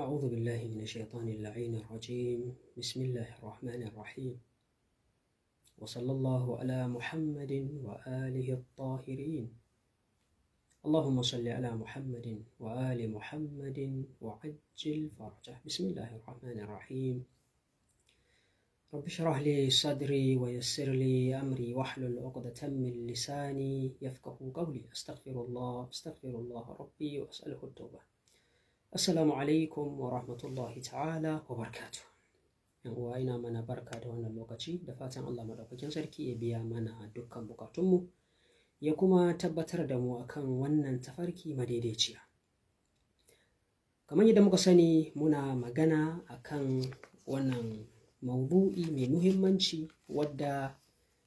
أعوذ بالله من الشيطان اللعين الرجيم بسم الله الرحمن الرحيم وصلى الله على محمد وآله الطاهرين اللهم صل على محمد وآل محمد وعجل فرجه بسم الله الرحمن الرحيم رب اشرح لي صدري ويسر لي أمري واحلل عقدة من لساني يفقه قولي أستغفر الله أستغفر الله ربي وأسأله التوبة Assalamu alaikum wa rahmatullahi ta'ala wa barkatu. Yan uwa ina mana barka da wannan lokaci da fatan Allah madaukakin sarki ya biya mana dukkan bukatunmu ya kuma tabbatar da mu akan wannan tafarki madaidaiciya. Kamar yadda muka sani muna magana akan wannan maudu'i mai muhimmanci wadda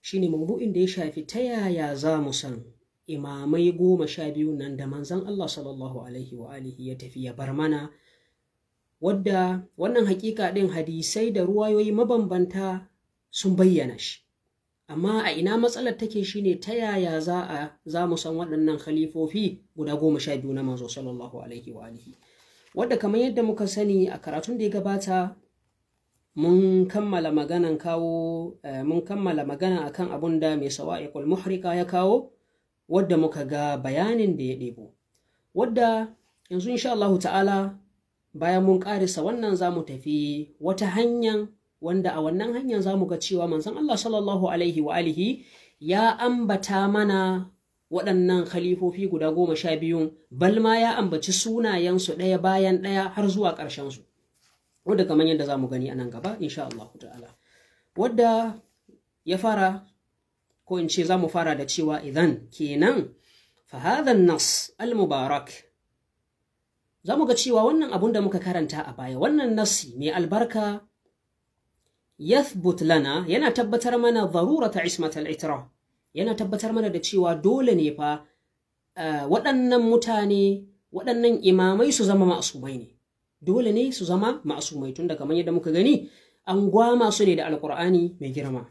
shine maudu'in da ya shafi ta yaya za mu san imamai goma sha biyu nan da manzan Allah sallallahu alaihi wa alihi ya tafi ya bar mana wadda wannan hakika ɗin hadisai da ruwayoyi mabambanta sun bayyana shi amma a ina matsalar take shi ne ta yaya za a za mu san waɗannan khalifofi guda goma sha biyu na manzo sallallahu alaihi wa alihi wadda kamar yadda muka sani a karatun da ya gabata mun kammala maganan kawo eh, mun kammala magana akan abun da mai sawa'iqul muhrika ya kawo wadda muka ga bayanin da ya ɗebo wadda yanzu insha Allah ta'ala bayan mun ƙarisa wannan za mu tafi wata hanyar wanda a wannan hanyar za mu ga cewa manzon Allah sallallahu alaihi wa alihi ya ambata mana waɗannan khalifofi guda goma sha biyun balma ya ambaci sunayensu ɗaya bayan ɗaya har zuwa ƙarshensu wadda kamar yadda za mu gani a nan gaba insha Allah ta'ala wadda ya fara ko in ce za mu fara da cewa idan kenan fahadhan nas al-mubarak za mu ga cewa wannan abun da muka karanta a baya wannan nasi mai albarka yathbut lana yana tabbatar mana zarurata ismat al-itra yana tabbatar mana da cewa dole ne fa eh, waɗannan mutane waɗannan imamai su zama ma'asumai ne dole ne su zama ma'asumai tun da kamar yadda muka gani an gwama su ne da alkur'ani mai girma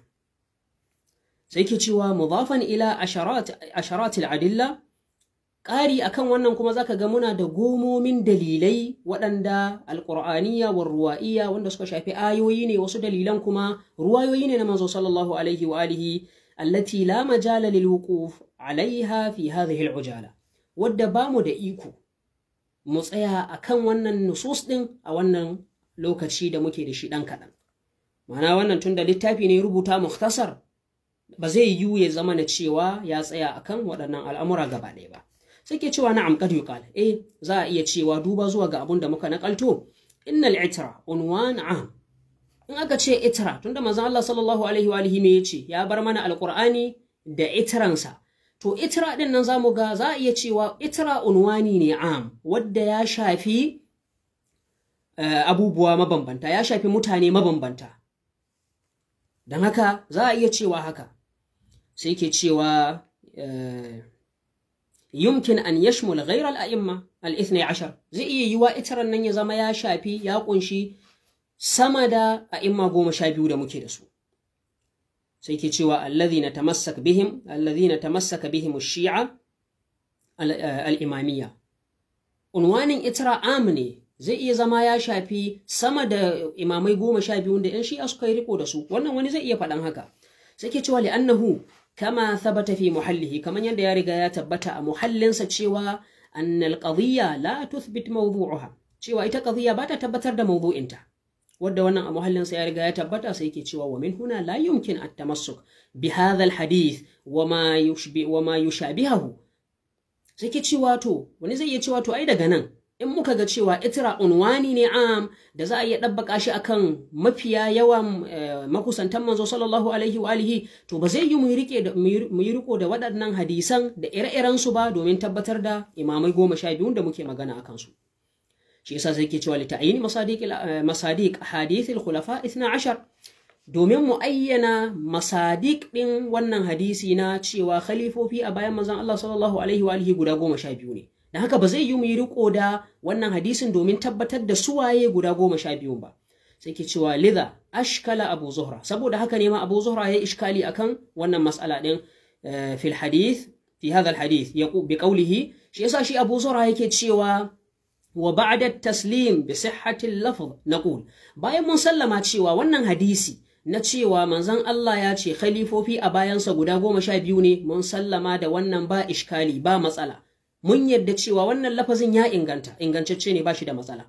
sai ke cewa mudafan ila asharatil adilla ƙari akan wannan kuma zaka ga muna da gomomin dalilai waɗanda alƙur'aniya wa ruwa'iya wanda suka shafi ayoyi ne wasu dalilan kuma ruwayoyi ne na manzo sallallahu alaihi wa alihi allati la majala lil wuquf alaiha fi hadhihi al ujala wadda bamu da iko mu tsaya akan wannan nusus din a wannan lokaci da muke da shi dan kaɗan ma'ana wannan tunda littafi ne rubuta muktasar. ba zai yiwu ya zama na cewa ya tsaya akan waɗannan al'amura gaba ɗaya ba sai ke cewa na'am qad yuqal eh za a iya cewa duba zuwa ga abun da muka nakalto innal itra unwan am in aka ce itra tunda manzon Allah sallallahu alaihi wa alihi ne yace ya bar mana alqur'ani da itransa to itra din nan zamu ga za a iya cewa itra unwani ne am wadda ya shafi eh, abubuwa mabambanta ya shafi mutane mabambanta don haka za a iya cewa haka sai ke cewa eh, yumkin an yashmul ghayra al-a'imma al-ithnay ashar zai iya yiwa itaran nan ya zama ya shafi ya kunshi sama da a'imma goma sha biyu da muke da su sai ke cewa alladhina tamassak bihim alladhina tamassaka bihim shia eh, al-imamiyya unwanin itara am ne zai iya zama ya shafi sama da imamai goma sha biyu da 'yan shi'a suka yi riko da su wannan wani zai iya faɗan haka sai ke cewa li'annahu kama thabata fi muhallihi kaman yadda ya riga ya tabbata a muhallinsa cewa annal qadiyya la tuthbit mawdu'uha cewa ita qadiyya ba ta tabbatar da mawdu'inta wadda wannan a muhallinsa ya riga ya tabbata sai yake cewa wa min huna la yumkin at-tamassuk bi hadha al-hadith wa ma yushbi wa ma yushabihu sai ke cewa to wani zai iya cewa to ai daga nan in muka ga cewa itira unwani ne am da za a iya ɗabbaka shi akan mafiya yawan eh, makusantan manzo sallallahu alaihi wa alihi to ba zai yi mu yi riko da waɗannan hadisan da ire-iren su ba domin tabbatar da imamai goma sha biyun da muke magana akan su shi yasa sai ke cewa lita'ayini masadiq eh, masadiq hadith al-khulafa 12 domin mu ayyana masadiq din wannan hadisi na cewa khalifofi a bayan manzon Allah sallallahu alaihi wa alihi guda goma sha biyu ne da haka ba zai yi mu yi riko da wannan hadisin domin tabbatar da suwaye guda goma sha biyu ba sai ke cewa lidha ashkala abu zuhra saboda haka ne ma abu zuhra ya ishkali akan wannan mas'ala din eh, fil hadith fi hadha al hadith bi qawlihi shi yasa shi abu zuhra yake cewa wa ba'da taslim bi sihhati al lafz naqul bayan mun sallama cewa wannan hadisi na cewa manzon Allah ya ce khalifofi a bayansa guda goma sha biyu ne mun sallama da wannan ba ishkali ba matsala mun yadda cewa wannan lafazin ya inganta ingancacce ne ba shi da matsala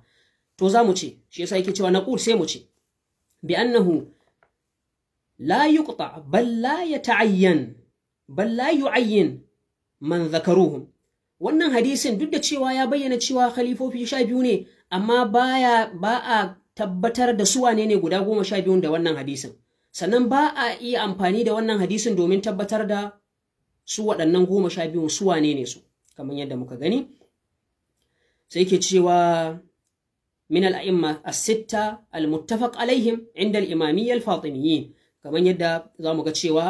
to za mu ce shi yasa yake cewa naqul sai mu ce bi annahu la yuqta bal la yata'ayyan bal la yu'ayyin man zakaruhum wannan hadisin duk da cewa ya bayyana cewa khalifofi sha biyu ne amma baya ba a tabbatar da su wane ne guda goma sha biyun da wannan hadisin sannan ba a iya amfani da wannan hadisin domin tabbatar da su waɗannan goma sha biyun su wane ne su kamar yadda muka gani sai ke cewa min al'imma as-sitta al-muttafaq alaihim inda al'imamiyya al fatimiyyi kamar yadda za mu ga cewa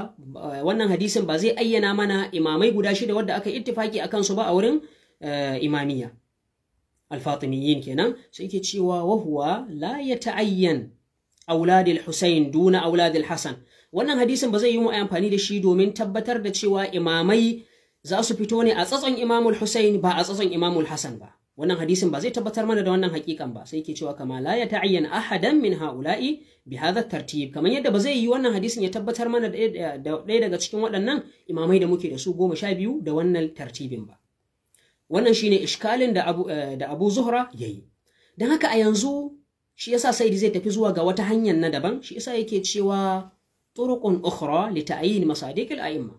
eh, wannan hadisin ba zai ayyana mana imamai guda shida wadda aka ittifaki akan su ba a wurin eh, imamiyya al-fatimiyyin kenan sai ke cewa wa huwa la yata'ayyan aulad al-husayn duna auladil Hassan. wannan hadisin ba zai yi mu amfani da shi domin tabbatar da cewa imamai za su fito ne a tsatson imamul Hussein ba a tsatson imamul Hassan ba wannan hadisin ba zai tabbatar mana da wannan hakikan ba sai ke cewa kama la ya ta'ayyan ahadan min haula'i bi hadha tartib kamar yadda ba zai yi wannan hadisin ya tabbatar mana da ɗaya daga cikin waɗannan imamai da muke da su goma sha biyu da wannan tartibin ba wannan shine iskalin da abu eh, da abu zuhra yayi dan haka a yanzu shi yasa saidi zai tafi zuwa ga wata hanyar na daban shi yasa yake cewa turuqun ukhra li ta'yin masadiq aimma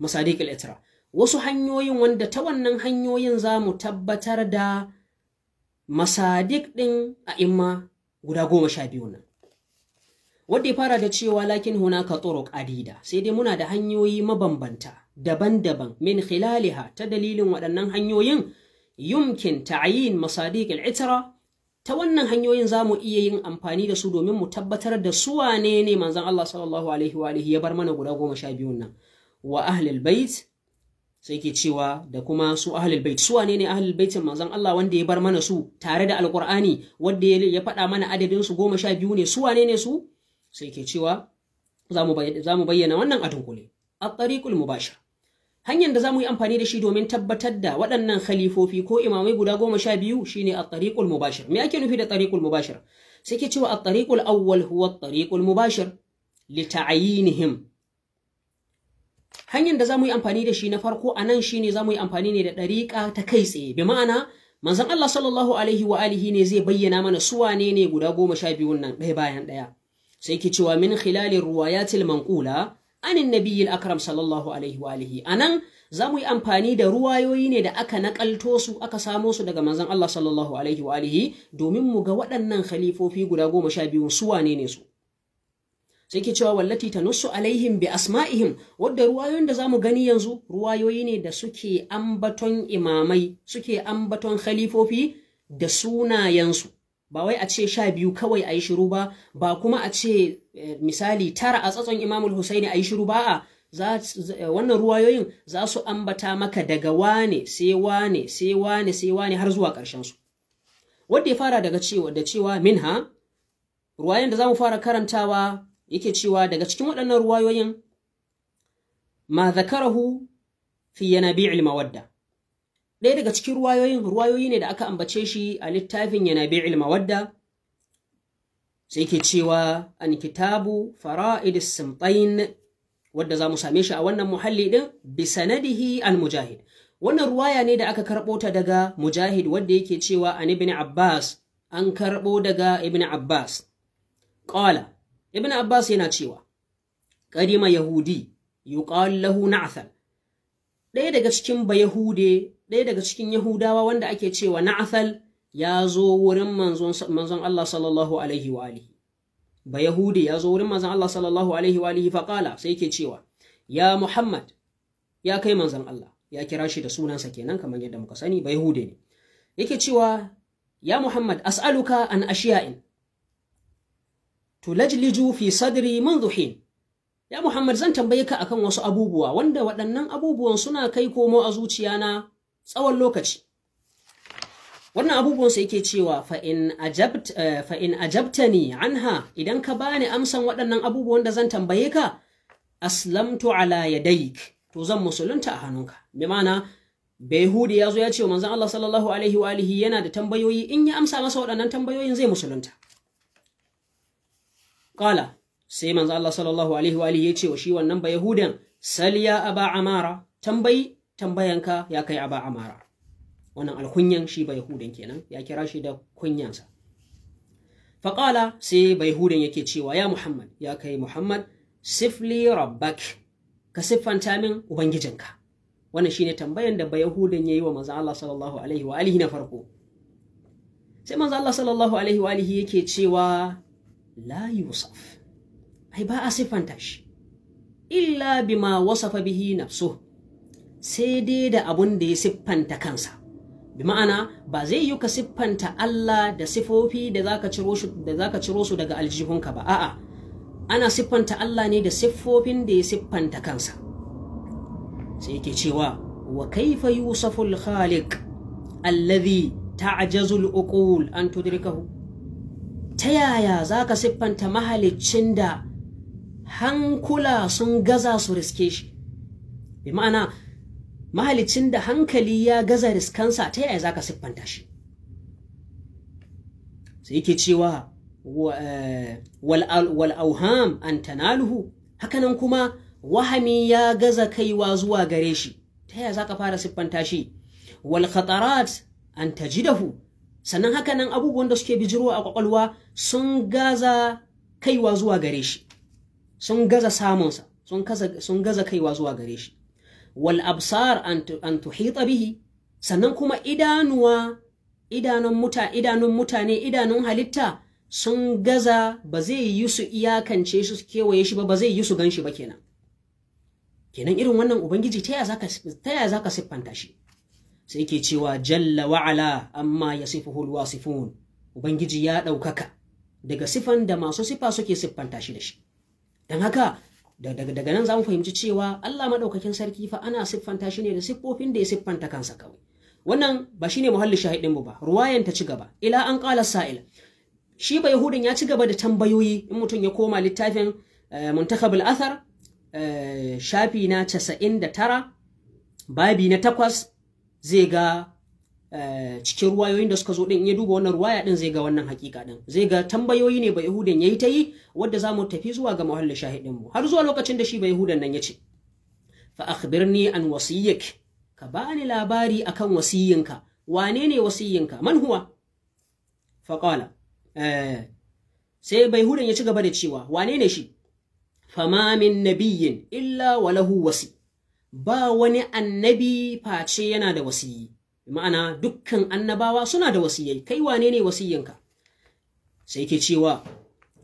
Masadiqil itra wasu hanyoyin wanda ta wannan hanyoyin za mu tabbatar da masadik ɗin a imma guda goma sha biyu nan wadda ya fara da cewa lakin huna ka tsoro adida sai dai muna da hanyoyi mabambanta daban-daban min khilaliha ta dalilin waɗannan hanyoyin yumkin ta'ayin masadiq al ta wannan hanyoyin za mu iya yin amfani da su domin mu tabbatar da su wane ne manzon Allah sallallahu alaihi wa ya bar mana guda goma sha biyu nan wa ahlul bait sai ke cewa da kuma su ahlul bait su wane ne ahlul baitin manzon Allah wanda ya bar mana su tare da alqur'ani wanda ya faɗa mana adadin su goma sha biyu ne su wane ne su sai ke cewa za mu bayyana wannan a dunkule at-tariqul mubashir hanyar da zamu yi amfani da shi domin tabbatar da waɗannan khalifofi ko imamai guda goma sha biyu shine at-tariqul mubashir me ake nufi da tariqul mubashir sai ke cewa at-tariqul awwal huwa at-tariqul mubashir li hanyar da za mu yi amfani da shi na farko a nan shi ne za mu yi amfani ne da ɗariƙa ta kai tsaye bi ma'ana manzan Allah sallallahu alaihi wa alihi ne zai bayyana mana su wane ne guda goma sha biyun nan ɗaya bayan ɗaya sai ki cewa min khilalin ruwayatil manqula anin nabiyil akram sallallahu alaihi wa alihi A nan, za mu yi amfani da ruwayoyi ne da aka nakalto su aka samo su daga manzan Allah sallallahu alaihi wa alihi domin mu ga waɗannan khalifofi guda goma sha biyu su wane ne su sai ke cewa wallati nusu alaihim bi asma'ihim wadda ruwayoyin da zamu gani yanzu ruwayoyi ne da suke ambaton imamai suke ambaton khalifofi da sunayensu ba wai a ce sha biyu kawai a yi shiru ba ba kuma a ce eh, misali tara a tsatson imamul husaini a yi shiru ba a eh, wannan ruwayoyin za su ambata maka daga wane sai wane sai wane sai wane har zuwa ƙarshen su wanda ya fara daga cewa da cewa minha ruwayan da zamu fara karantawa yake cewa daga cikin waɗannan ruwayoyin ma zakarahu fi yanabi'il mawadda ɗaya daga cikin ruwayoyin ruwayoyi ne da aka ambace shi a littafin yanabi'il mawadda sai ke cewa an kitabu fara'idis simtain wadda za mu same shi a wannan muhalli din bi sanadihi al mujahid wannan ruwaya ne da aka karɓo ta daga mujahid wadda yake cewa an ibn abbas an karɓo daga ibn abbas qala ibn abbas yana cewa karima yahudi yuqal lahu ɗaya daga cikin ba yahude ɗaya daga cikin yahudawa wanda ake cewa na'thal ya zo wurin manzon Allah sallallahu alaihi wa alihi ba yahude ya zo wurin manzon Allah sallallahu alaihi wa alihi fa kala sai yake cewa ya muhammad ya kai manzon Allah ya kira shi da sunansa kenan kamar yadda muka sani ba yahude ne yake cewa ya muhammad as'aluka an ashiya'in lajliju fi sadri منذ ya Muhammad zan tambaye ka akan wasu abubuwa wanda waɗannan abubuwan suna kai komo a zuciya na tsawon lokaci wannan abubuwan sai yake cewa fa in ajabt eh, fa in ajabtani anha idan ka bani amsan waɗannan abubuwan da zan tambaye ka aslamtu ala yadayk to zan musulunta a hannunka bi ma'ana Behudi ya zo ya ce manzon Allah sallallahu alaihi wa alihi yana da tambayoyi in ya amsa masa waɗannan tambayoyin zai musulunta Kala, sai manzo Allah sallallahu alaihi wa alihi ya ce wa shi wannan ba Yahudan, Saliya Aba Amara, tambayi tambayanka ya kai Aba Amara. Wannan alkunyan shi ba Yahudan kenan, ya kira shi da kunyansa. Faƙala sai ba Yahudan yake cewa ya Muhammad, ya kai Muhammad, sifli rabbak, ka siffanta min Ubangijinka. Wannan shine tambayan da ba Yahudan ya yi wa manzo Allah sallallahu alaihi wa alihi na farko. Sai manzo Allah sallallahu alaihi wa alihi yake cewa la yusaf ai ba a siffanta shi illa bima wasafa bihi nafsu sai dai da abun da ya siffanta kansa bi ma'ana ba zai yi ka siffanta Allah da sifofi da zaka ciro su da zaka ciro su daga aljihunka ba a'a ana siffanta Allah ne da siffofin da ya siffanta kansa sai yake cewa wa kaifa yusaful khaliq alladhi ta'jazul uqul an tudrikahu ta yaya za ka siffanta mahaliccin da hankula sun gaza su riske shi bi ma'ana mahalicin da hankali ya gaza riskansa ta yaya za ka siffanta shi sai yake cewa eh, wal auham an tanaluhu hakanan kuma wahami ya gaza kaiwa zuwa gare shi ta yaya za ka fara siffanta shi wal khatarat an tajidahu sannan haka nan abubuwan da suke bijirwa a kwakwalwa sun gaza kaiwa zuwa gare shi sun gaza samunsa sun gaza kaiwa zuwa gare shi wal absar an tuhita bihi sannan kuma idanuwa idanun muta idanun mutane idanun halitta sun gaza ba zai yi su iyakance shi su kewaye shi ba ba zai yi su gan ba kenan kenan irin wannan ubangiji ta yaya zaka siffanta shi sai ke cewa jalla wa'ala amma ya sifuhul wasifun ubangiji ya ɗaukaka daga sifan da masu sifa suke siffanta shi da shi don haka daga nan za mu fahimci cewa Allah maɗaukakin sarki fa ana siffanta shi ne da siffofin da ya siffanta kansa kawai wannan ba shi ne muhalli shahidin mu ba ruwayan ta ci gaba ila an qala sa'il shi ba yahudin ya ci gaba da tambayoyi in mutum ya koma littafin eh, muntakabul athar eh, shafi na tara, babi na takwas. zai ga eh, cikin ruwayoyin da suka zo din ya duba wannan ruwaya din zai ga wannan hakika din zai ga tambayoyi ne ba yahudan yayi ta yi wadda za mu tafi zuwa ga mahallin shahidin mu har zuwa lokacin da shi ba yahudan nan ya fa akhbirni an wasiyyak ka bani labari akan wasiyinka wane ne wasiyinka man huwa fa qala eh, sai bai hudan ya ci gaba da cewa wane ne shi fama min nabiyyin illa walahu wasi ba wani annabi face yana da wasiyi ma'ana dukkan annabawa suna da wasiyai kai wane ne wasiyinka sai ke cewa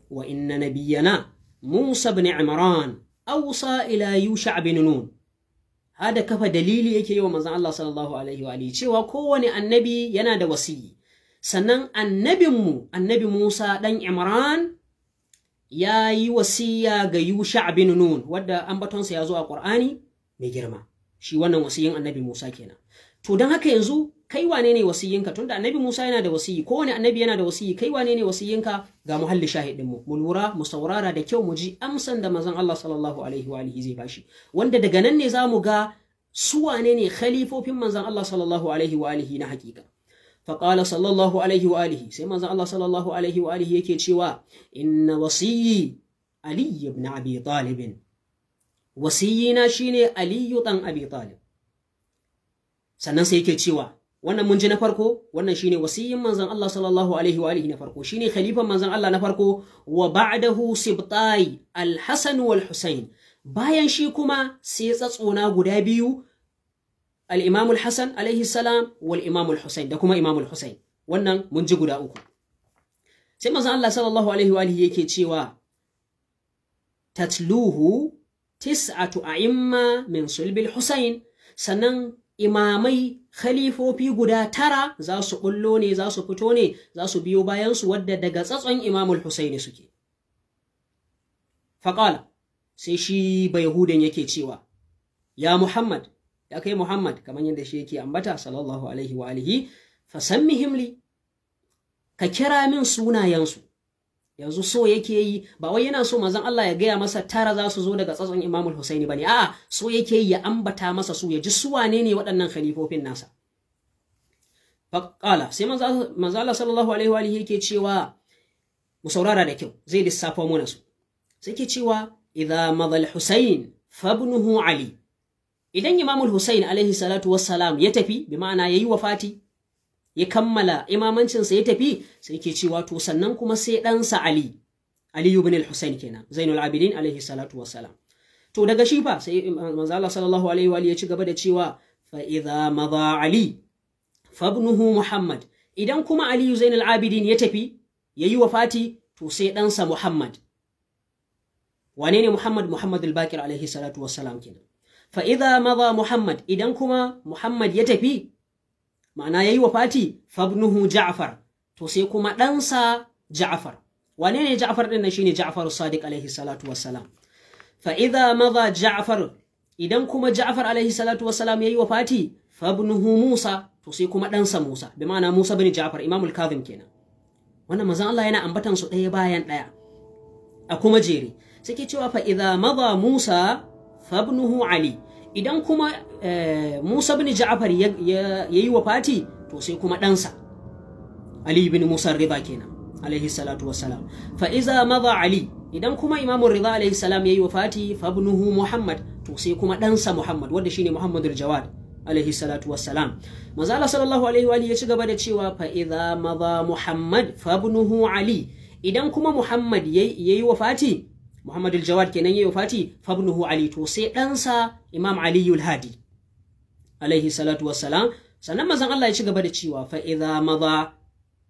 wa inna nabiyana Musa bin Imran awsa ila Yusha bin Nun hada kafa dalili yake yi wa manzon Allah sallallahu alaihi wa alihi cewa kowane annabi yana da wasiyi sannan annabinmu annabi Musa dan Imran ya yi wasiya ga Yusha bin Nun wadda sa ya zo a Qur'ani mai girma shi wannan wasiyin annabi Musa kenan to dan haka yanzu kai wane ne wasiyinka tunda annabi Musa yana da wasiyi wani annabi yana da wasiyi kai wane ne wasiyinka ga muhalli shahidin mu mu lura mu saurara da kyau mu ji amsan da manzon Allah sallallahu alaihi wa alihi zai bashi wanda daga nan ne zamu ga su wane ne khalifofin manzon Allah sallallahu alaihi wa alihi na hakika فقال صلى الله عليه وآله سيما الله صلى الله عليه وآله يكي إن وصي علي بن أبي طالب wasiyina shine aliyu dan abi talib sannan sai yake cewa wannan mun ji na farko wannan shine wasiyin manzon Allah sallallahu alaihi wa alihi na farko shine Khalifa manzon Allah na farko wa ba'dahu sibtai al-hasan wal husayn bayan shi kuma sai tsatsona guda biyu al-imam al-hasan alaihi salam wal imam al husayn da kuma imam al husayn wannan mun ji guda uku sai manzon Allah sallallahu alaihi wa alihi yake cewa tatluhu tis'atu a'imma min sulbil Husain sannan imamai khalifofi guda tara za su kullo ne za su fito ne za su biyo bayan su wadda daga tsatson Al-Husayn suke faqala sai shi bayahudan yake cewa ya Muhammad ya kai Muhammad kamar yadda shi yake ambata sallallahu alaihi wa alihi fasammihim li ka kira min sunayensu yanzu so yake yi ba wai yana so manzon Allah ya gaya masa tara za su zo daga tsatson Imamul Husaini bane a'a so yake yi ya ambata masa su ya ji su wane ne waɗannan khalifofin nasa faqala sai manzo Allah sallallahu alaihi wa alihi yake cewa mu saurara da kyau zai lissafa mu su sai yake cewa idza madal Husain fabnuhu Ali idan Imamul Husain alaihi salatu wassalam ya tafi bi ma'ana yayi wafati ya kammala imamancinsa ya tafi sai ke cewa to sannan kuma sai ɗansa Ali Ali ibn al-Husayn kenan Zainul Abidin alaihi salatu salam. to daga shi fa sai manzo Allah sallallahu alaihi wa ya ci gaba da cewa fa idza madha Ali ibnuhu Muhammad idan kuma Ali Zainul Abidin ya tafi yayi wafati to sai ɗansa Muhammad wane ne Muhammad Muhammad al-Bakir alaihi salatu salam kenan fa idza madha Muhammad idan kuma Muhammad ya tafi ma'ana yayi Fati fabnuhu ja'far to sai kuma ɗansa ja'far wane ne ja'far din nan shine ja'far sadiq alaihi salatu wassalam fa idza madha ja'far idan kuma ja'far alaihi salatu wassalam yayi wafati fabnuhu musa to sai kuma ɗansa musa bi ma'ana musa bin ja'far imamul kazim kenan wannan manzon Allah yana ambatan su ɗaya bayan ɗaya a kuma jere sai ke cewa fa idza madha musa fabnuhu ali idan kuma eh, Musa bin Ja'far ya yi wafati to sai kuma ɗansa Ali bin Musa ridha kenan alaihi salatu wassalam fa iza madha Ali idan kuma Imam ridha alaihi salam yayi wafati fa ibnuhu Muhammad to sai kuma ɗansa Muhammad wanda shine Muhammadul Jawad alaihi salatu wassalam manzo Allah sallallahu alaihi wa alihi ya ci gaba da cewa fa idza madha Muhammad fa ibnuhu Ali idan kuma Muhammad yayi wafati Muhammad jawad kenan yayi wafati fabnuhu Ali to sai ɗansa Imam Ali al-Hadi alaihi salatu wassalam sannan manzon Allah ya ci gaba da cewa fa idza madha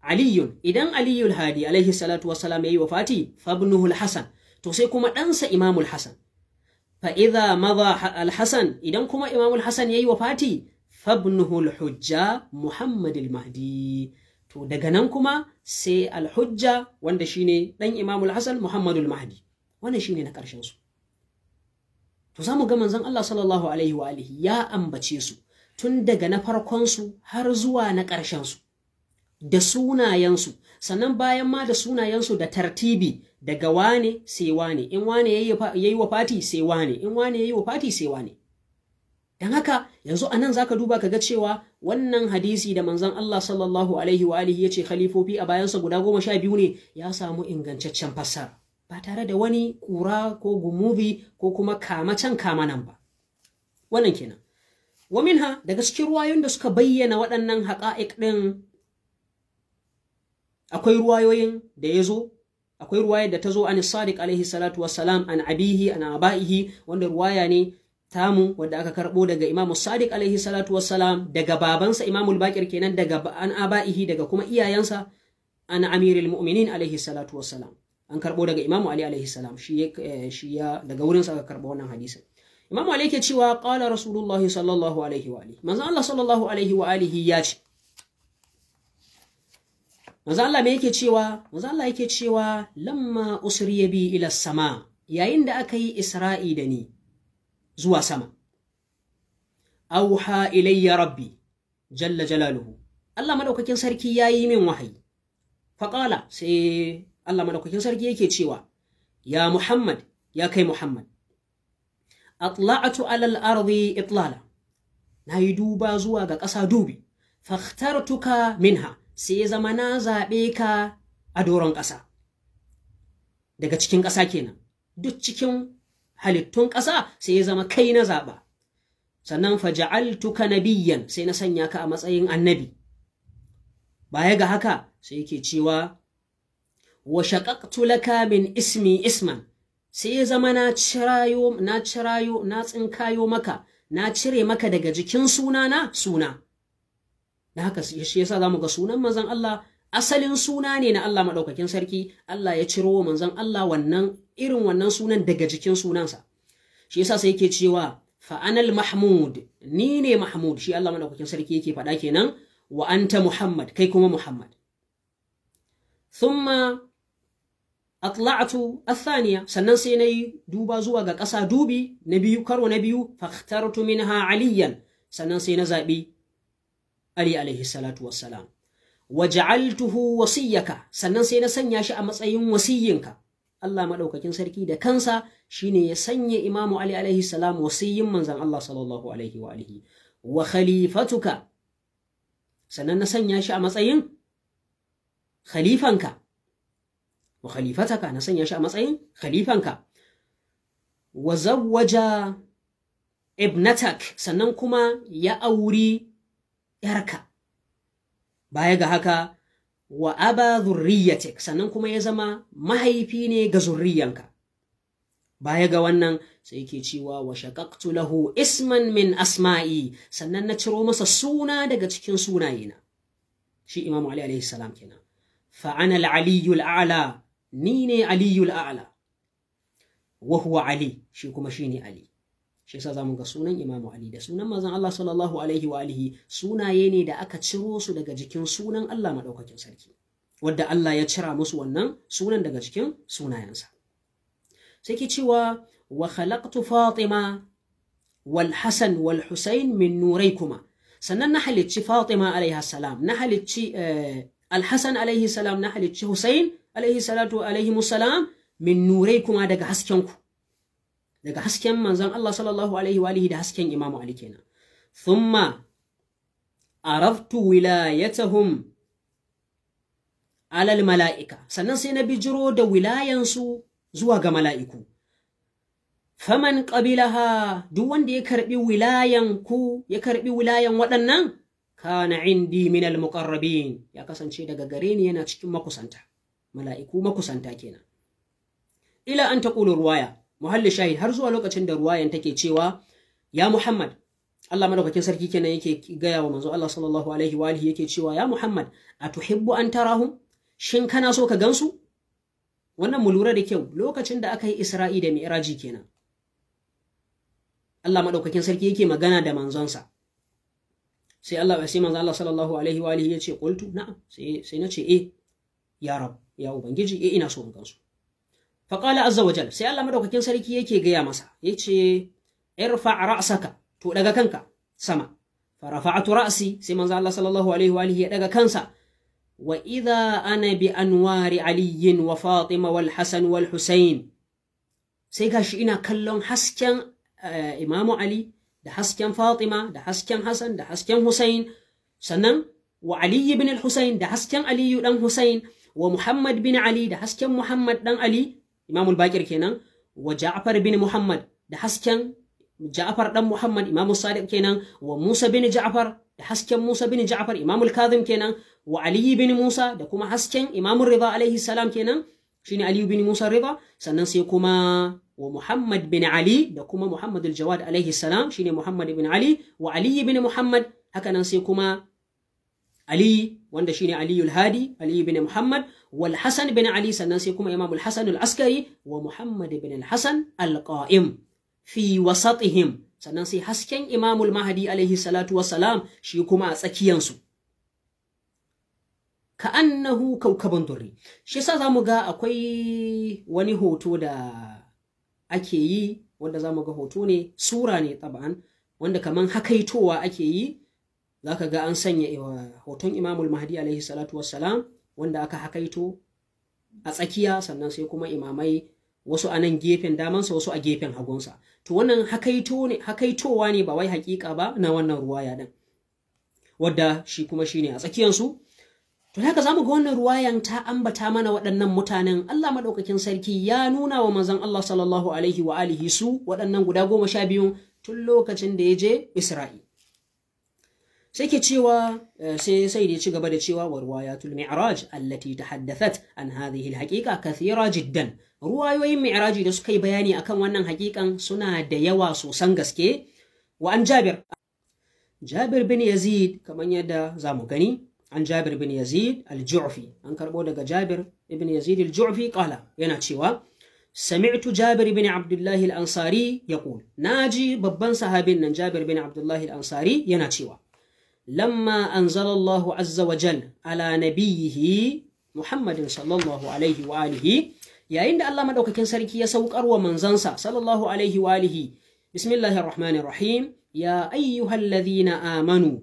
Ali idan Aliyu al-Hadi alaihi salatu wassalam yayi wafati fabnuhu al-Hasan to sai kuma ɗansa Imam al-Hasan fa idza madha al-Hasan idan kuma Imam hasan yayi wafati fabnuhu al-Hujja Muhammad al-Mahdi to daga nan kuma sai al-Hujja wanda shine dan Imam hasan Muhammadul mahdi wannan shine na ƙarshen su to zamu ga manzon Allah sallallahu alaihi wa alihi ya ambace su tun daga na farkon su har zuwa na ƙarshen su da sunayen su, sannan bayan ma da sunayen su da tartibi daga wane sai wane in wane yayi wa fati sai wane in wane yayi wa fati sai wane dan haka yanzu anan zaka duba ka ga cewa wannan hadisi da manzon Allah sallallahu alaihi wa alihi yace khalifofi a bayansa guda goma sha biyu ne ya samu ingantaccen fassara ba tare da wani kura ko gumubi ko kuma kama can kama nan ba wannan kenan wa ha daga cikin ruwayoyin da suka bayyana waɗannan haƙa'iq ɗin akwai ruwayoyin da ya zo akwai ruwayar da ta zo an sadiq alaihi salatu wassalam an abihi an abaihi wanda ruwaya ne tamu wanda aka karbo daga imamu sadiq alaihi salatu wassalam daga babansa imamu bakir kenan daga an abaihi daga kuma iyayensa an amiril mu'minin alaihi salatu wassalam an karbo daga Imam Ali alaihi salam shi ya eh, daga wurin sa aka karbo wannan hadisin Imam Ali yake cewa qala Rasulullah sallallahu alaihi wa alihi manzo Allah sallallahu alaihi wa alihi ya ce manzo Allah me yake cewa manzo Allah yake cewa lamma usriya bi ila sama yayin da aka yi Isra'i da ni zuwa sama auha ilayya rabbi jalla jalaluhu Allah madaukakin sarki yayi min wahayi faqala sai Allah madaukakin sarki yake cewa ya Muhammad ya kai Muhammad atla'atu alal ardi itlala nayi duba zuwa ga ƙasa dubi fakhtartuka minha sai zama na zaɓe ka a doron ƙasa daga cikin ƙasa kenan duk cikin halittun ƙasa sai ya zama kai na zaɓa sannan faja'altuka nabiyyan sai na sanya ka a matsayin annabi baya ga haka sai yake cewa wa shaqaqtu laka min ismi isman sai ya zama na cirayo na cirayo na tsinkayo maka na cire maka daga jikin suna na suna da haka shi yasa zamu ga sunan manzon Allah asalin suna ne na Allah madaukakin sarki Allah ya ciro wa manzon Allah wannan irin wannan sunan daga jikin sunansa shi yasa sai yake cewa fa anal mahmud ni ne mahmud shi Allah madaukakin sarki yake faɗa kenan wa anta muhammad kai kuma muhammad thumma atla'atu athaniya sannan sai yi duba zuwa ga ƙasa dubi na biyu karo na biyu fakhtartu minha aliyan sannan sai na zaɓi ali alaihi salatu wassalam waj'altuhu wasiyaka sannan sai na sanya shi a matsayin wasiyinka Allah madaukakin sarki da kansa shine ya sanya imamu ali alaihi salam wasiyin manzon Allah sallallahu alaihi wa alihi wa khalifatuka sannan na sanya shi a matsayin khalifanka wa khalifataka na sanya shi a matsayin khalifanka wa zawwaja ibnatak sannan kuma ya auri yarka baya ga haka wa aba zurriyatik sannan kuma ya zama mahaifi ne ga zurriyanka baya ga wannan sai ke cewa wa shaqaqtu lahu isman min asma'i sannan na ciro masa suna daga cikin sunayena shi imamu ali alaihi salam kenan fa ana al-ali al-a'la ni ne aliyul a'la wa huwa ali shi kuma shi ne ali shi yasa zamu ga sunan imamu ali da sunan manzon Allah sallallahu alaihi wa alihi sunaye ne da aka ciro su daga jikin sunan Allah madaukakin sarki wadda Allah ya cira musu wannan sunan daga cikin sunayensa sai ke cewa wa khalaqtu fatima wal hasan wal husain min nuraykuma sannan na halicci fatima alaiha salam na halicci eh, al hasan alaihi salam na halicci husain alaihi salatu alaihi musalam min nurai kuma daga hasken daga hasken manzon Allah sallallahu alaihi wa alihi da hasken Imam Ali kenan thumma araftu ala alal mala'ika sannan sai na jiro da wilayansu zuwa ga mala'iku faman qabilaha duk wanda ya karbi wilayan ku ya karbi wilayan waɗannan kana indi minal muqarrabin ya kasance daga gare ni yana cikin makusanta mala'iku makusanta kenan ila an taqulu ruwaya muhalli shahid har zuwa lokacin da ruwayan take cewa ya Muhammad Allah madaukakin sarki kenan yake gaya wa manzo Allah sallallahu alaihi wa alihi yake cewa ya Muhammad atuhibbu an tarahum shin kana so ka gansu wannan mu lura da kyau lokacin da aka yi Isra'i da Mi'raji kenan Allah madaukakin sarki yake magana da manzonsa sai Allah sai manzo Allah sallallahu alaihi wa alihi yace qultu na'am sai sai nace eh ya rabu. ya ubangiji eh ina so in gansu fa qala azza wa jalla sai Allah madaukakin sarki yake gaya masa yace irfa ra'saka to daga kanka sama fa rafa'tu ra'si sai manzo Allah sallallahu alaihi wa alihi ya daga kansa wa idha ana bi anwari ali wa fatima wal hasan wal husain sai gashi ina kallon hasken eh, imamu ali da hasken fatima da hasken hasan da hasken husain sannan wa ali ibn al-husain da hasken aliyu dan husain wa Muhammad bin Ali da hasken Muhammad dan Ali Imam al-Bakir kenan wa Ja'far bin Muhammad da hasken Ja'far dan Muhammad Imam Sadiq kenan wa Musa bin Ja'far da hasken Musa bin Ja'far Imam al-Kazim kenan wa Ali bin Musa da kuma hasken Imam al-Ridha alaihi salam kenan shine Ali bin Musa Ridha sannan sai kuma wa Muhammad bin Ali da kuma Muhammad al-Jawad alaihi salam shine Muhammad bin Ali wa Ali bin Muhammad haka nan sai kuma Ali wanda shine Ali al-Hadi Ali ibn Muhammad wal Hasan ibn Ali sannan sai kuma Imam al-Hasan al-Askari wa Muhammad ibn al-Hasan al-Qa'im fi wasatihim sannan sai hasken Imam al-Mahdi alaihi salatu wassalam shi kuma a tsakiyan su ka'annahu kaukabun durri shi yasa zamu ga akwai wani hoto da ake yi wanda zamu ga hoto ne sura ne taban wanda kaman hakaitowa ake yi za ka ga an sanya eh, hoton imamul mahdi alaihi salatu wassalam wanda aka hakaito a tsakiya sannan sai kuma imamai wasu a nan gefen damansa wasu a gefen hagunsa to wannan hakaitowa ne ba wai hakika ba na wannan ruwaya din wadda shi kuma shine a tsakiyansu to haka zamu ga wannan ruwayan ta ambata mana waɗannan mutanen Allah madaukakin sarki ya nuna wa manzon Allah sallallahu alaihi wa alihi su waɗannan guda goma sha biyu tun lokacin da ya je Isra'i sai ke cewa eh, sai sai ya ci gaba da cewa warwayatul mi'raj allati tahaddathat an hadhihi alhaqiqa kathira jiddan ruwayoyin mi'raji da suka yi bayani akan wannan haƙiƙan suna da yawa sosan gaske wa an jabir jabir bin yazid kamar yadda za mu gani an jabir bin yazid al-ju'fi an karbo daga jabir ibn yazid al-ju'fi qala yana cewa سمعت جابر بن عبد الله الأنصاري يقول ناجي ببن صحابين جابر بن عبد الله الأنصاري يناتشيوا لما أنزل الله عز وجل على نبيه محمد صلى الله عليه وآله يا إن الله ما دوك كان سركي يسوق أروى منزنسا صلى الله عليه وآله بسم الله الرحمن الرحيم يا أيها الذين آمنوا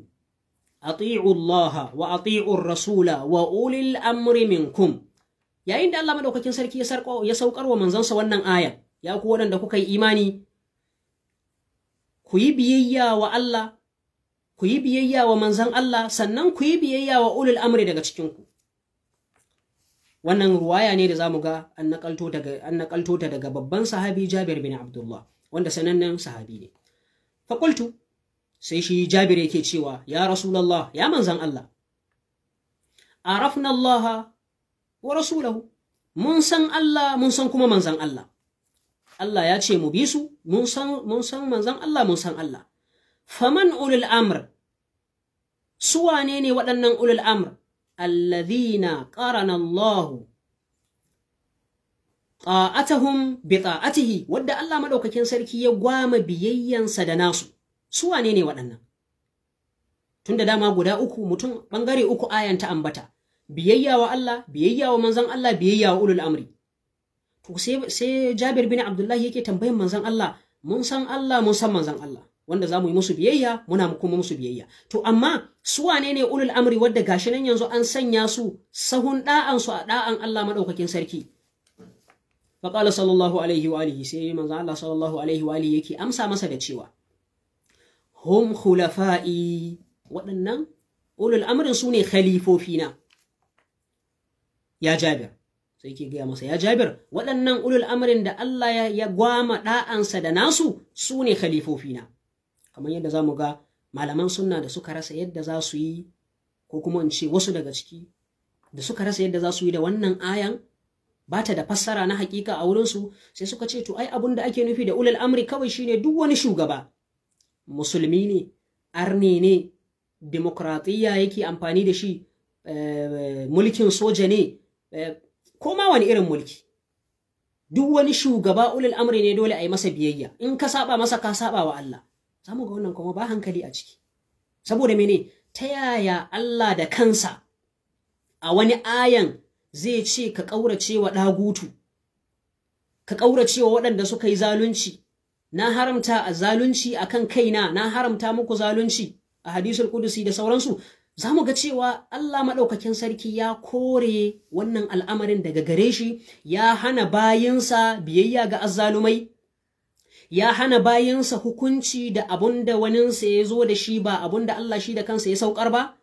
أطيعوا الله وأطيعوا الرسول وأولي الأمر منكم يا إن الله ما دوك كان سركي يسوق أروى منزنسا ونن آية يا كوانا دوك كي إيماني ku yi biyayya wa Allah ku yi biyayya wa manzan Allah sannan ku yi biyayya wa ulul amri daga cikin ku wannan ruwaya ne da zamu ga an nakalto daga an nakalto ta daga babban sahabi Jabir bin Abdullah wanda sanannen sahabi ne fa qultu sai shi Jabir yake cewa ya Rasulullah ya manzan Allah arafna Allah wa rasulahu mun san Allah mun san kuma manzan Allah Allah ya ce mu bi su mun san mun san manzan Allah mun san Allah faman ulul amr su wanene ne waɗannan ulul amr alladhina ƙarana Allah ta'atuhum bi ƙa'atihi wadda Allah maɗaukakin sarki ya gwama biyayyansa da nasu su wane ne waɗannan tunda dama guda uku mutum ɓangare uku ayan ta ambata biyayya wa Allah biyayya wa manzan Allah biyayya wa ulul amri sai Jabir bin abdullahi yake tambayin manzan Allah mun san Allah mun san manzan Allah wanda za mu yi musu biyayya muna mu kuma musu biyayya to amma su wane ne ulul amri wadda gashi nan yanzu an sanya su sahun da'an su a da'an Allah madaukakin sarki fa qala sallallahu alaihi wa alihi sai manzo Allah sallallahu alaihi wa alihi yake amsa masa da cewa hum khulafa'i waɗannan ulul amrin su ne khalifofina ya Jabir sai ke gaya masa ya Jabir waɗannan ulul amrin da Allah ya gwama da'ansa da nasu su ne khalifofina kamar yadda za mu ga malaman sunna da suka rasa yadda za su yi ko kuma in ce wasu daga ciki da suka rasa yadda za su yi da wannan ayan ba ta da fassara na hakika a wurinsu sai suka ce to ai abun da ake nufi da ulal amri kawai shine duk wani shugaba musulmi ne arne ne demokratiyya yake amfani da shi eh, mulkin soja ne eh, ko ma wani irin mulki duk wani shugaba ulal amri ne dole a yi masa biyayya in ka saba masa ka saba wa Allah za mu ga wannan kuma ba hankali a ciki saboda mene ta yaya Allah da kansa a wani ayan zai ce ka ƙaurace wa ɗagutu ka ƙaurace wa waɗanda suka yi zalunci na haramta a zalunci akan kaina na haramta muku zalunci a hadisul kudusi da sauransu za mu ga cewa Allah maɗaukakin sarki ya kore wannan al'amarin daga gare shi ya hana bayinsa biyayya ga azzalumai ya hana bayansa hukunci da abun da waninsa ya zo da shi ba abun da Allah shi da kansa ya saukar ba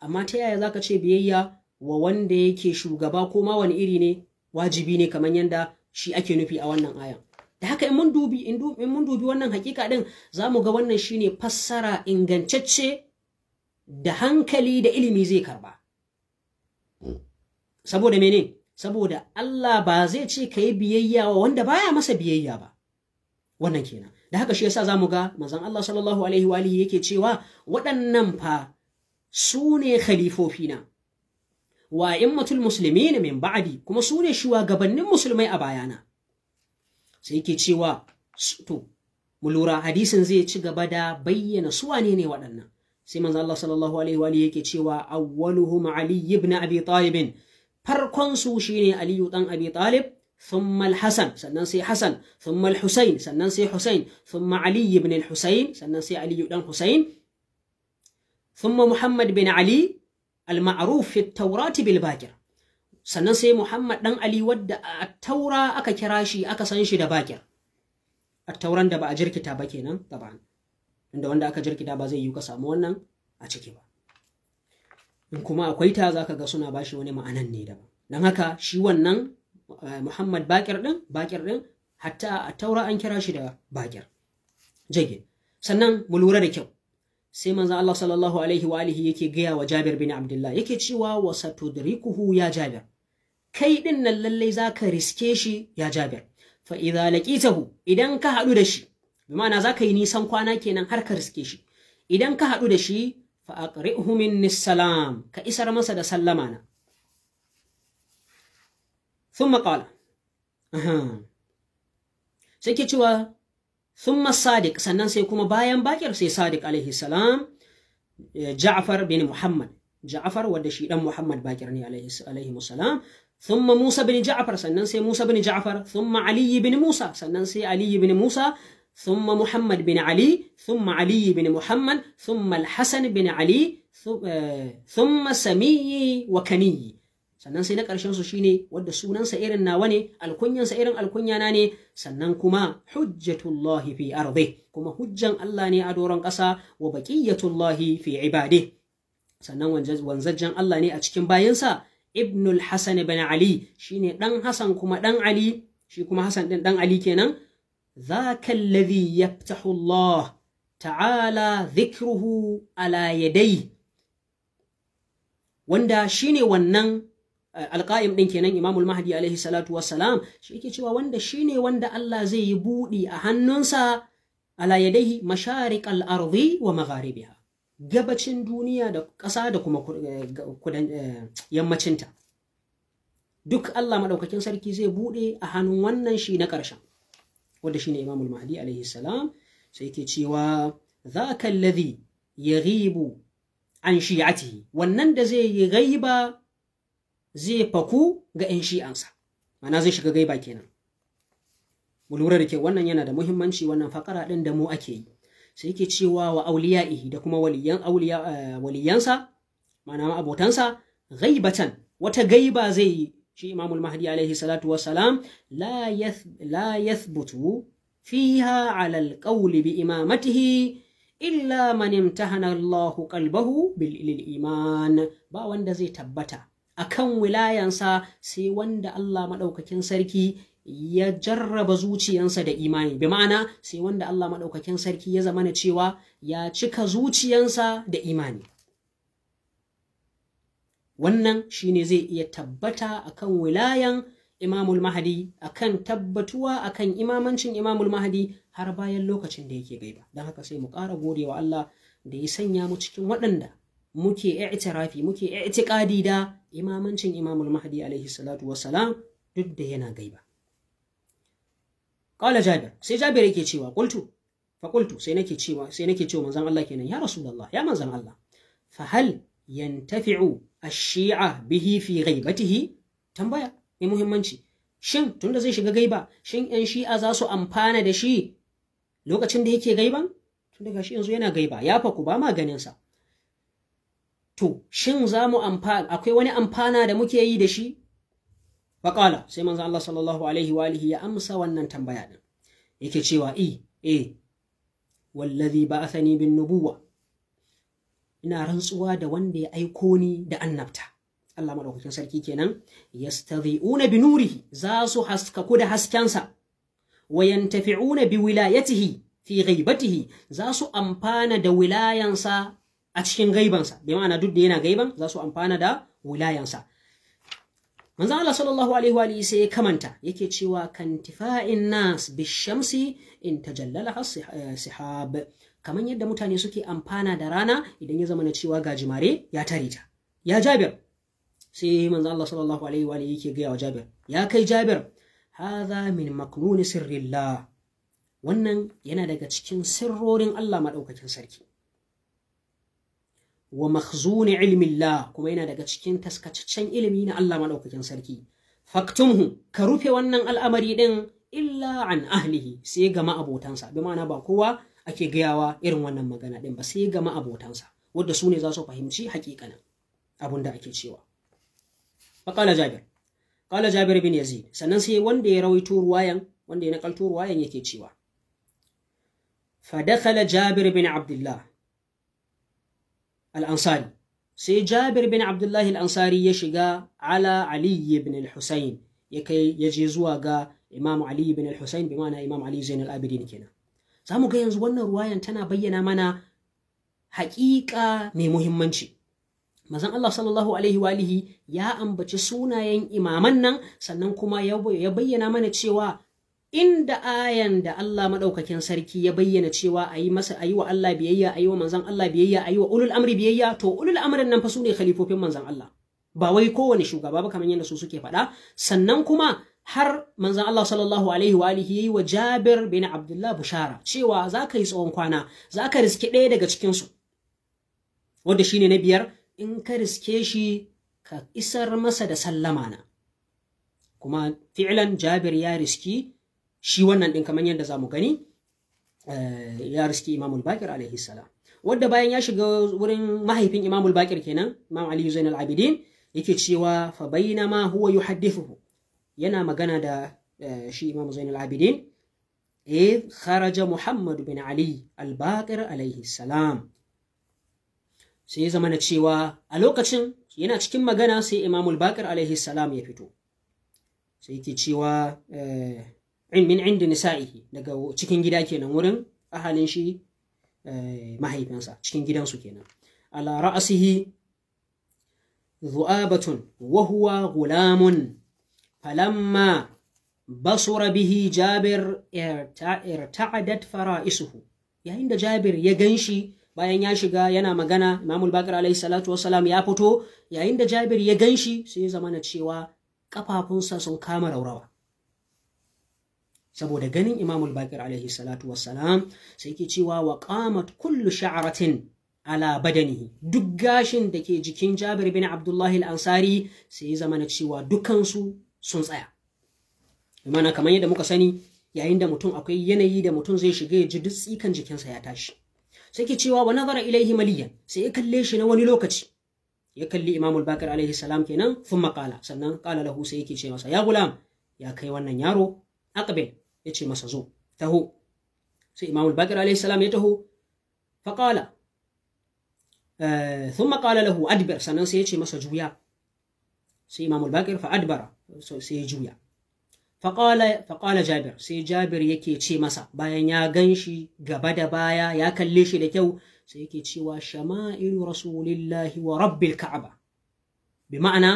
amma ta yaya zaka ce biyayya wa wanda yake shugaba ko ma wani iri ne wajibi ne kamar yadda shi ake nufi a wannan ayan da haka in mun dubi in mun dubi wannan hakika din zamu ga wannan shi ne fassara ingantacce da hankali da ilimi zai karba saboda mene saboda Allah ba zai ce ka yi biyayya wa wanda baya masa biyayya ba wannan kenan da haka shi yasa zamu ga manzon Allah sallallahu alaihi wa alihi yake cewa waɗannan fa su ne khalifofina wa immatul muslimin min ba'di kuma su ne shugabannin musulmai a bayana sai yake cewa to mu lura hadisin zai ci gaba da bayyana su wane ne waɗannan sai manzon Allah sallallahu alaihi wa alihi yake cewa awwaluhum ali ibn abi talib farkon su shine aliyu dan abi talib ثم الحسن سنن سي حسن ثم الحسين سنن سي حسين ثم علي بن الحسين سنن سي علي بن حسين ثم محمد بن علي المعروف في التوراة بالباكر سنن سي محمد بن علي ود التوراة أكا كراشي أكا سنشي دا باكر التوراة دا دبا أجر كينا طبعا عند وندا أكا جر كتابا زي يوكا سامونا أتشكي in kuma akwai ta غسونا باشي suna bashi wani ma'anan ne daban don haka Eh, Muhammad Bakir din Bakir din hatta a taura an kira shi da Bakir jage sannan mu lura da kyau sai manzo Allah sallallahu alaihi wa alihi yake gaya wa Jabir bin Abdullah yake cewa wa satudrikuhu ya Jabir kai din nan lalle zaka riske shi ya Jabir fa idza laqitahu idan ka hadu da shi bi ma'ana zaka yi nisan kwana kenan har ka riske shi idan ka hadu da shi fa aqri'hu minni salam ka isar masa da sallama na ثم قال سيكيتشوا ثم الصادق سنن سيكون بايان باكر سي صادق عليه السلام جعفر بن محمد جعفر ودشي لم محمد باكرني عليه عليه السلام ثم موسى بن جعفر سنن سي موسى بن جعفر ثم علي بن موسى سنن سي علي بن موسى ثم محمد بن علي ثم علي بن محمد ثم الحسن بن علي آه، ثم سمي وكني sannan sai na ƙarshen su shine wadda sunansa irin nawa ne alkunyansa irin alkunya na ne sannan kuma hujjatullahi fi ardi kuma hujjan Allah ne a doron ƙasa wa baqiyatullahi fi ibade sannan wanzajjan Allah ne a cikin bayansa ibnul hasan ibn ali shine dan hasan kuma dan ali shi kuma hasan din dan ali kenan zaka الذي yaftahu Allah ta'ala ذكره ala yadayhi wanda shine wannan Eh, alqa'im din kenan imamul mahdi alaihi salatu wassalam shi yake cewa wanda shine wanda Allah zai yi budi a hannunsa ala yadaihi mashariqal ardi wa magharibiha gabacin duniya da ƙasa da kuma eh, eh, yammacinta duk Allah maɗaukakin sarki zai buɗe a hannun wannan shi na ƙarshen wanda shine imamul mahdi alaihi salam sai ke cewa zaka alladhi yaghibu an shi'atihi wannan da zai yi ghaiba zai faku ga 'yan shi'ansa mana zai shiga gaiba kenan mu lura da kyau wannan yana da muhimmanci wannan fakara din da mu ake yi sai yake cewa wa auliya'ihi da kuma waliyan auliya eh, waliyansa mana abotansa ghaibatan wata gaiba zai yi shi Imam al-Mahdi alaihi salatu wassalam la yath la yathbutu fiha ala al-qawl bi imamatihi illa man imtahana Allah qalbahu bil iman ba wanda zai tabbata akan wilayansa sai wanda Allah maɗaukakin sarki ya jarraba zuciyansa da imani bi ma'ana sai wanda Allah maɗaukakin sarki ya zamana cewa ya cika zuciyansa da imani wannan shine zai iya tabbata akan wilayan imamul mahadi akan tabbatuwa akan imamancin imamul mahadi har bayan lokacin da yake gaiba don haka sai mu ƙara godewa Allah da ya sanya mu cikin waɗanda muke i'tirafi muke i'tiqadi da imamancin imamul mahdi alaihi salatu wassalam duk da yana gaiba qala jabir sai jabir yake cewa qultu fa qultu sai nake cewa sai nake cewa manzon Allah kenan ya rasulullah ya manzon Allah fa hal yantafi'u ash-shi'a bihi fi ghaibatihi tambaya mai muhimmanci shin tunda zai shiga gaiba shin yan shi'a za su amfana da shi lokacin da yake gaiban tunda gashi yanzu yana gaiba ya ku ba ma ganin sa to shin za mu amfana akwai wani amfana da muke yi da shi faƙala sai manzo Allah sallallahu alaihi wa alihi ya amsa wannan tambaya din yake cewa i e wallazi ba'athani bin nubuwa ina rantsuwa da wanda ya aiko ni da annabta Allah madaukakin sarki kenan yastadhi'una bi nurihi za su haskaku da haskensa wa yantafi'una bi wilayatihi fi ghaibatihi za su amfana da wilayansa a cikin gaibansa bi ma'ana duk da yana gaiban za su amfana da wilayansa manzo Allah sallallahu alaihi wa alihi sai ya kamanta yake cewa kantifa'in nas bishamsi in tajallala eh, sihab kamar yadda mutane suke amfana da rana idan ya zama na cewa gajimare ya tare ta ya Jabir sai manzo Allah sallallahu alaihi wa alihi yake gaya wa Jabir ya kai Jabir hadha min maknuni sirrillah wannan yana daga cikin sirrorin Allah madaukakin sarki wa makhzuni ilmillah kuma yana daga cikin taskataccen ilimi na Allah madaukakin sarki faktumhu ka rufe wannan al'amari din illa an ahlihi sai ga ma'abotansa bi ma'ana ba kowa ake gayawa irin wannan magana din ba sai ga ma'abotansa wadda su ne za su fahimci hakikan abin da ake cewa faqala jabir qala jabir bin yazid sannan sai wanda ya rawaito ruwayan wanda ya nakalto ruwayan yake cewa Fa dakhala Jabir bin Abdullah. al sai jabir bin abdullahi al-ansari ya shiga ala ali ibn al-husayn ya kai ya je zuwa ga imam ali ibn al-husayn bi ma'ana imam ali zain abidin kenan za mu ga yanzu wannan ruwayan tana bayyana mana haƙiƙa mai muhimmanci mazan Allah sallallahu alaihi wa alihi ya ambaci sunayen imaman nan sannan kuma ya bayyana mana cewa inda ayan da Allah madaukakin sarki ya bayyana cewa a yi masa ayi wa Allah biyayya a yi wa manzan Allah biyayya a wa ulul amri biyayya to ulul amrin nan fa su ne khalifofin manzan Allah ba wai kowane shugaba ba kamar yadda su suke faɗa sannan kuma har manzon Allah sallallahu alaihi wa alihi yayi wa Jabir bin Abdullah bushara cewa za ka yi tsawon kwana za ka riske ɗaya daga cikin su wanda shine na biyar in ka riske shi ka isar masa da sallama na kuma fi'lan Jabir ya riski shi wannan din kamar yadda zamu gani eh, ya riski imamul bakir alaihi salam wadda bayan ya shiga wurin mahaifin imamul bakir kenan imam aliyu zainal abidin yake cewa fa ma huwa yuhaddithu yana magana da eh, shi imam zainal abidin eh kharaja muhammad bin ali al-baqir alaihi salam sai ya zama na cewa a lokacin yana cikin magana sai imamul bakir alaihi salam ya fito sai yake cewa eh, min indi nisa'ihi daga cikin gida kenan wurin ahalin shi eh, mahaifinsa cikin gidansu kenan ala ra'asihi ذؤابة gulamun falamma فلما بصر به جابر ارتعدت فرائسه yayin da Jabir ya ganshi bayan ya shiga yana magana mamul Bakar alayhi salatu wasalam ya fito yayin da Jabir ya ganshi sai zamana cewa kafafunsa sun kama raurawa saboda ganin imamul bakir alaihi salatu wassalam sai ke cewa wa qamat kullu sha'ratin ala badanihi duk gashin da ke jikin Jabir bin Abdullahi al-Ansari sai zama na cewa su sun tsaya. Imana kamar yadda muka sani yayin da mutum akwai yanayi da mutum zai shiga ya ji duk tsikan jikinsa ya tashi. Sai ke cewa wa nazara ilaihi maliyan sai ya kalle shi na wani lokaci. Ya kalli imamul bakir alaihi salam kenan sun maƙala sannan kala lahu sai yake ce masa ya gulam ya kai wannan yaro aqbil ya ce masa zo taho sai imamul bakir alaihi salam ya taho faƙala ثم eh, maƙala lahu أدبر sannan sai ya ce masa juya sai imamul bakir fa adbara sai ya juya faƙala faƙala jabir sai jabir yake ce masa bayan ya gan shi gaba da baya ya kalle shi da kyau sai yake cewa shama'ilu rasulillahi wa rabbil ka'aba bi ma'ana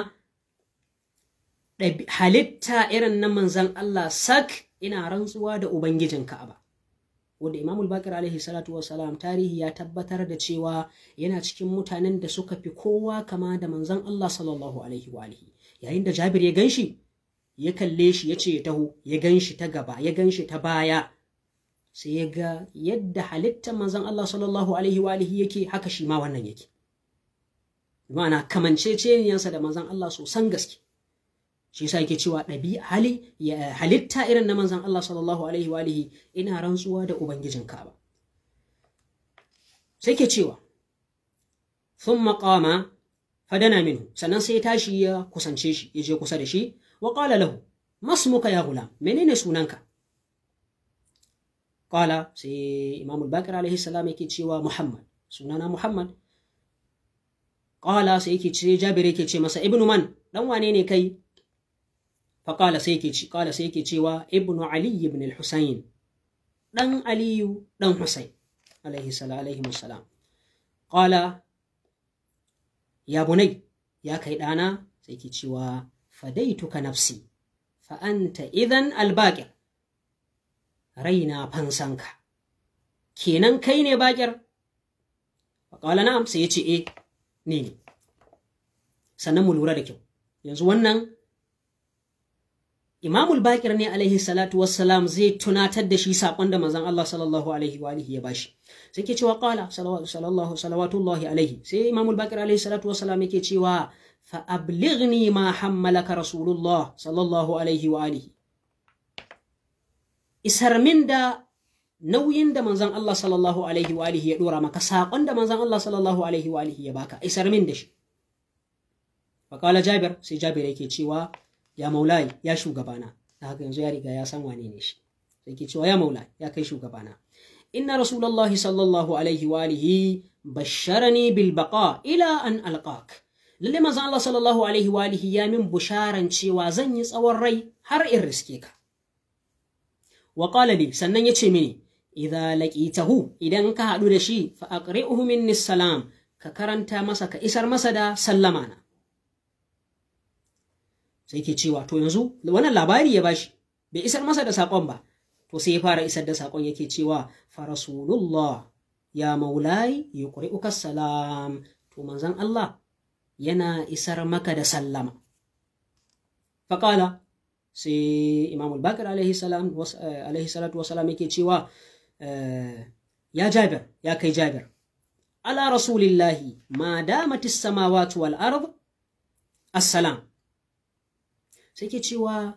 halitta irin na manzan Allah sak ina rantsuwa da ubangijin Ka'aba wanda Imam Bakir alaihi salatu Salam tarihi ya tabbatar da cewa yana cikin mutanen da suka fi kowa kama da manzon Allah sallallahu alaihi wa alihi yayin da Jabir ya ganshi ya kalle shi ya ce ya taho ya ganshi ta gaba ya ganshi ta baya sai ya ga yadda halittar manzon Allah sallallahu alaihi wa alihi yake haka shi ma wannan yake ma'ana kamanceceniyarsa da manzon Allah sosan gaske shi yasa yake cewa ɗabi hali halitta irin na manzan Allah sallallahu alaihi wa alihi ina rantsuwa da ubangijin ka ba. sai ke cewa thumma qama fadana minhu sannan sai tashi ya kusance shi ya je kusa da shi wa qala lahu masmuka ya gulam menene sunanka qala sai imam al-bakir alaihi salam yake cewa muhammad sunana muhammad qala sai yake ce jabir yake ce masa ibnu man dan wane ne kai faƙala sai yake ci ƙala sai ke cewa ibnu ali ibn al-husayn dan aliyu dan husayn alaihi salam alaihi salam ƙala ya bunai ya kai ɗana sai ke cewa fadaituka nafsi fa anta idan albaƙir. raina fansanka kenan kai ne baƙir faƙala na'am sai ya ce eh ni ne sannan mu lura da kyau yanzu wannan Imamul Bakir ne alaihi salatu wassalam zai tunatar da shi sakon da manzon Allah sallallahu alaihi wa alihi ya bashi sai ke cewa qala sallallahu salawatullahi alaihi sai Imamul Bakir alaihi salatu wassalam yake cewa fa ablighni ma hammalaka rasulullah sallallahu alaihi wa alihi isar min da nauyin da manzon Allah sallallahu alaihi wa alihi ya dora maka sakon da manzon Allah sallallahu alaihi wa alihi ya baka isar min da shi fa qala Jabir sai Jabir yake cewa ya maulai ya shugabana da haka yanzu ya riga ya san wane ne shi sai ke cewa ya maula ya kai shugabana inna rasulullahi sallallahu alaihi wa alihi basharani bil baqa ila an alqak lalle manzon Allah sallallahu alaihi wa alihi ya min busharan cewa zan yi tsawon rai har in riske ka wa qala li sannan yace mini idza laqitahu idan ka hadu da shi fa aqri'uhu minni salam ka karanta masa ka isar masa da sallamana sai ke cewa to yanzu wannan labari ya bashi bai isar masa da sakon ba to sai ya fara isar da sakon yake cewa fa rasulullah ya maulai yuqri'uka salam to manzon Allah yana isar maka da sallama faqala sai imam al-bakir alaihi salam eh, alaihi salatu wa yake cewa eh, ya jabir ya kai jabir ala rasulillahi ma damatis samawati wal ard assalam sai ke cewa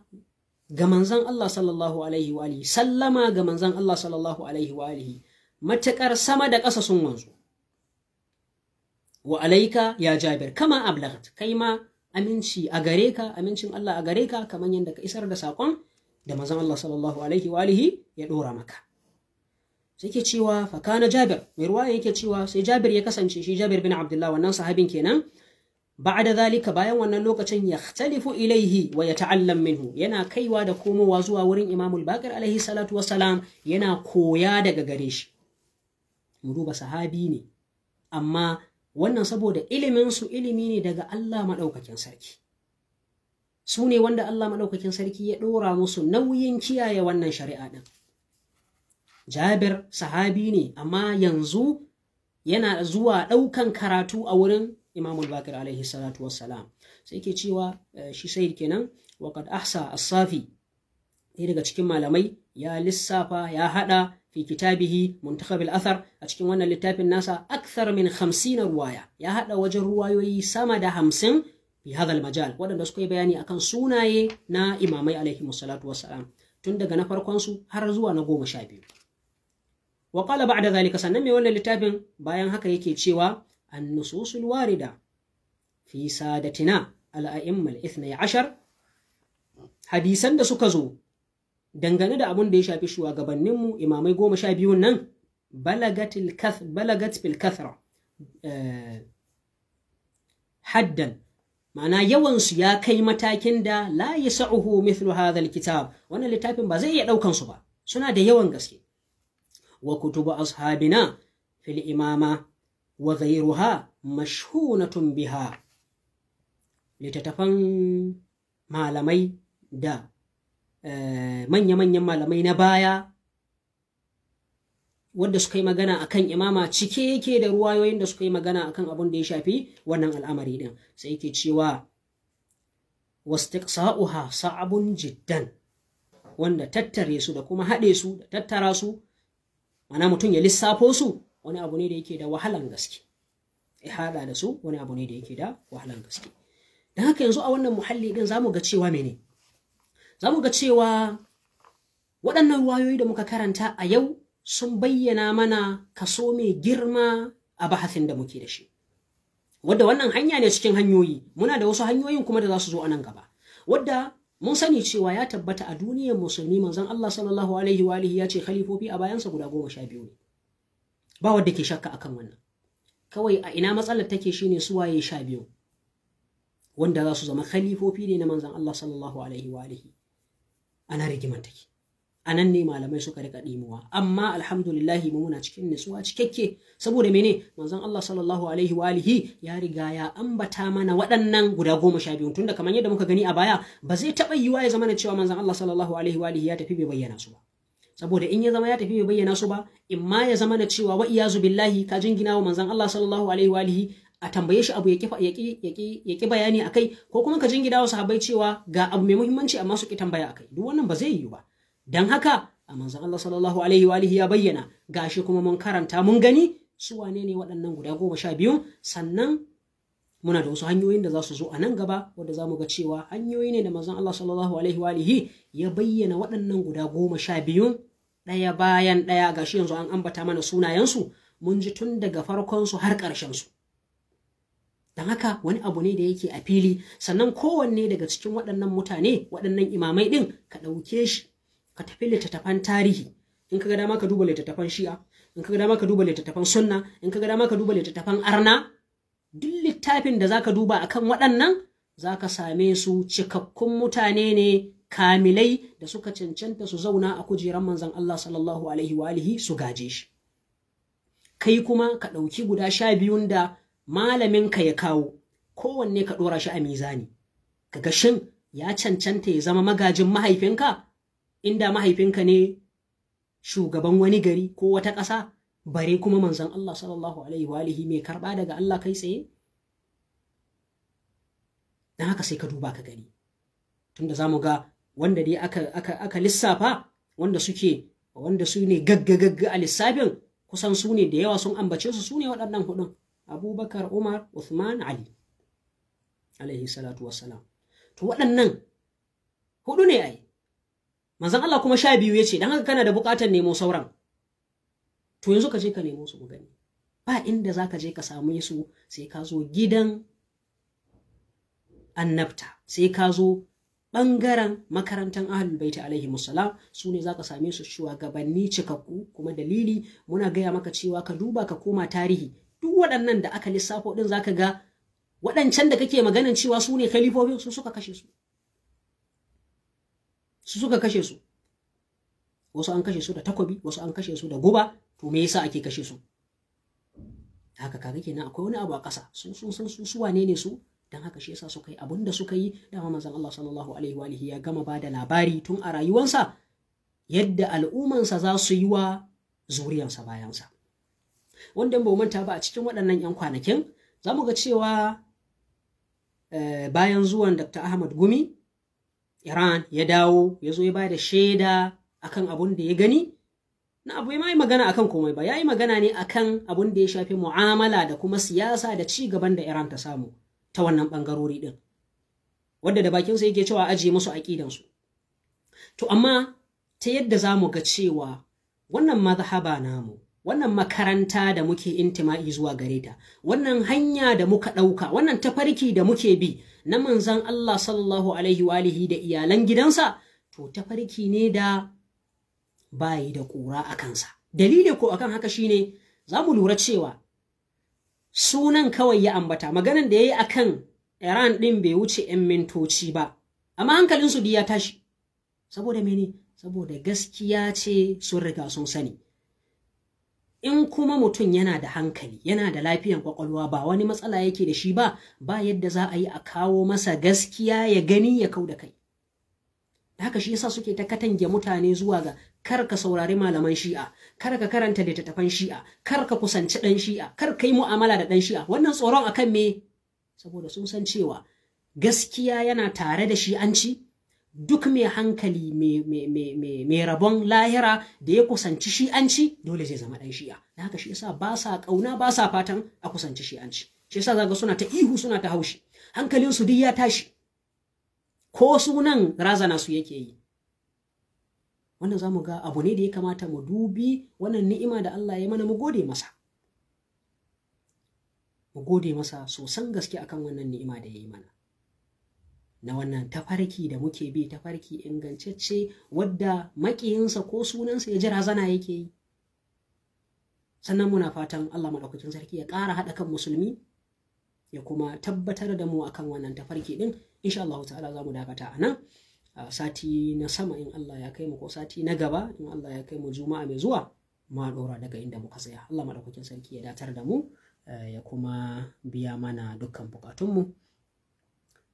ga manzan Allah sallallahu alaihi wa alihi sallama ga manzan Allah sallallahu alaihi wa alihi matakar sama da ƙasa sun wanzu wa alaika ya jabir kama ablagat kai ma aminci a gare ka amincin Allah a gare ka kamar yadda ka isar da saƙon, da manzan Allah sallallahu alaihi wa alihi ya ɗora maka sai ke cewa fa kana jabir mai ruwa yake cewa sai jabir ya kasance shi jabir bin abdullah wannan sahabin kenan ba'da zalika bayan wannan lokacin ya yahtalifu ilaihi wa yata'allam minhu yana kaiwa da komowa zuwa wurin imamul al-Baqir alaihi salatu salam yana koya daga gare shi mu duba sahabi ne amma wannan saboda ilimin su ilimi ne daga Allah madaukakin sarki su ne wanda Allah madaukakin sarki ya dora musu nauyin kiyaye wannan shari'a din Jabir sahabi ne amma yanzu yana zuwa ɗaukan karatu a wurin imamul bakir alaihi salatu wassalam sai ke cewa eh, shi sayid kenan waqad ahsa as-safi ɗaya daga cikin malamai ya lissafa ya hada fi kitabihi muntakhab al-athar a cikin wannan littafin nasa akthar min 50 ruwaya ya hada wajen ruwayoyi sama da 50 fi hadha majal waɗanda suka yi bayani akan sunaye na imamai alaihi salatu wassalam tun daga na farkon su har zuwa na goma sha biyu wa qala ba'da zalika sannan me wannan littafin bayan haka yake cewa النصوص الواردة في سادتنا الأئمة الاثني عشر da دا سكزو dangane da abin da ya shafi shugabanninmu imamai goma sha biyun nan balagat fil haddan ma'ana yawansu ya kai matakin da la yasa'uhu mithlu hadha alkitab wannan littafin ba zai iya daukan su ba suna da yawan gaske wa kutubu ashabina fil imama وغيرها مشهونة بها biha littattafan malamai da eh, manya-manyan malamai na baya wadda suka yi magana akan imama cike yake da ruwayoyin da suka yi magana akan abin da ya shafi wannan al'amari din sai yake cewa wastiqsa'uha sa'abun jiddan wanda tattare su da kuma haɗe su da tattara su mana mutum ya lissafo su wani abu ne da yake da wahalan gaske hada da su wani abu ne da yake da wahalan gaske don haka yanzu a wannan muhalli din zamu ga cewa mene zamu ga cewa waɗannan wayoyi da muka karanta a yau sun bayyana mana kaso mai girma a bahasin da muke da shi wadda wannan hanya ne cikin hanyoyi muna da wasu hanyoyin kuma da za su zo a nan gaba wadda mun sani cewa ya tabbata a duniyar musulmi manzon Allah sallallahu alaihi wa alihi ya ce khalifofi a bayansa guda goma sha biyu ne ba wanda ke shakka akan wannan kawai a ina matsalar take shine su waye sha biyu wanda za su zama khalifofi ne na manzon Allah sallallahu alaihi wa alihi ana rigiman take a ne malamai suka rika dimuwa amma alhamdulillahi mu muna cikin nutsuwa cikakke saboda mene manzon Allah sallallahu alaihi wa alihi ya riga ya ambata mana waɗannan guda goma sha biyu tunda kamar yadda muka gani a baya ba zai taɓa yiwa ya zama na cewa manzon Allah sallallahu alaihi wa alihi ya tafi bai bayyana su ba saboda in ya zama ya tafi bai bayyana su ba in ma ya zama na cewa wa iyazu billahi ka jingina wa manzon Allah sallallahu alaihi wa alihi a tambaye shi abu ya ki bayani akai ko kuma ka jingina wa sahabbai cewa ga abu mai muhimmanci amma su ki tambaya akai duk wannan ba zai yiwu ba dan haka a manzon Allah sallallahu alaihi wa alihi ya bayyana gashi kuma mun karanta mun gani su wane ne waɗannan guda goma sha biyu sannan muna da wasu hanyoyin da za su zo a nan gaba wanda za mu ga cewa hanyoyi ne da manzon Allah sallallahu alaihi wa alihi ya bayyana waɗannan guda goma sha biyun ɗaya bayan ɗaya Ga shi yanzu an ambata mana sunayensu mun ji tun daga farkonsu har su. don haka wani abu ne da yake a fili sannan kowanne daga cikin waɗannan mutane waɗannan imamai ɗin ka ɗauke shi ka tafi littattafan tarihi in ka ga dama ka duba littattafan shi'a in ka ga dama ka duba littattafan sunna in ka ga dama ka duba littattafan arna duk littafin da zaka duba akan waɗannan zaka same su cikakkun mutane ne kamilai da suka cancanta su zauna a kujerar manzon Allah sallallahu alaihi wa alihi su gaje shi kai kuma ka ɗauki guda sha biyun da malamin ka ya kawo kowanne ka ɗora shi a mizani ka ga shin ya cancanta ya zama magajin mahaifinka inda mahaifinka ne shugaban wani gari ko wata ƙasa bare kuma manzan Allah sallallahu alaihi wa alihi mai karba daga Allah kai tsaye dan haka sai ka duba ka gani tunda mu ga wanda dai aka lissafa wanda suke wanda su ne gagga gagga a lissafin kusan su ne da yawa sun ambace su su ne waɗannan hudun Abubakar Umar Uthman Ali alaihi salatu wassalam to waɗannan hudu ne ai Manzan Allah kuma sha biyu ya ce dan haka kana da buƙatar nemo sauran to yanzu ka je ka nemo su gani ba inda za ka je ka samu su sai ka zo gidan annabta sai ka zo ɓangaren makarantar ahalul baiti alaihi musalam su ne za ka same su shugabanni cikakku kuma dalili muna gaya maka cewa ka duba ka koma tarihi duk waɗannan da aka lissafo ɗin za ka ga waɗancan da kake maganin cewa su ne kalifofin su suka kashe su su suka kashe su wasu an kashe su da takobi wasu an kashe su da guba to me yasa ake kashe su haka kaga kenan akwai wani abu a ƙasa sun sun san su su wane ne su dan haka shi yasa suka yi abun da suka yi dama manzon Allah sallallahu alaihi wa alihi ya gama ba da labari tun a rayuwansa yadda al'ummansa za su yi wa zuriyansa bayansa wanda ba manta ba a cikin waɗannan 'yan kwanakin za mu ga cewa eh, bayan zuwan dr ahmad gumi iran ya dawo ya zo ya ba da shaida akan abun da ya gani na abu ya yi magana akan komai ba ya yi magana ne akan abun da ya shafi mu'amala da kuma siyasa da ci gaban da Iran ta samu ta wannan bangarori din wadda da bakin sa yake cewa aje musu aqidan su to amma ta yadda zamu ga cewa wannan mazhaba namu wannan makaranta da muke intima'i zuwa gare ta wannan hanya da muka ɗauka wannan tafarki da muke bi na manzan Allah sallallahu alaihi wa alihi da iyalan gidansa to tafarki ne da bayi da kura a kansa dalili ko akan haka shi ne za mu lura cewa sunan kawai ya ambata maganan da ya yi a kan iran ɗin bai wuce 'yan mintoci ba amma hankalinsu su ya tashi saboda mene saboda gaskiya ce sun riga sun sani in kuma mutum yana da hankali yana da lafiyan kwakwalwa ba wani matsala yake da shi ba ba yadda za a yi a kawo masa gaskiya ya gani ya kau da kai da haka shi yasa suke ta katange mutane zuwa ga kar ka saurari malaman shi'a kar ka karanta littattafan shi'a kar ka kusanci dan shi'a kar ka yi mu'amala da dan shi'a wannan tsoron akan me saboda sun san cewa gaskiya yana tare da shi'anci duk mai hankali mai rabon lahira da ya kusanci shi'anci dole zai zama dan shi'a da haka shi yasa ba sa kauna ba sa fatan a kusanci shi'anci shi yasa zaga suna ta ihu suna ta haushi hankalinsu duk ya tashi ko sunan razana su yake yi wannan za mu ga abu ne da ya kamata mu dubi wannan ni'ima da Allah ya mana mu gode masa mu gode masa sosan gaske akan wannan ni'ima da ya yi mana na wannan tafarki da muke bi tafarki ingantacce wadda makiyinsa ko sunansa ya jira zana yake yi sannan muna fatan Allah maɗaukakin sarki ya ƙara haɗa kan musulmi ya kuma tabbatar da mu akan wannan tafarki din, insha Allah ta'ala za mu dakata a nan sati na sama in Allah ya kai mu ko sati na gaba in Allah ya kai mu juma'a mai zuwa ma dora daga inda muka tsaya Allah madaukakin sarki ya datar da mu eh, ya kuma biya mana dukkan bukatunmu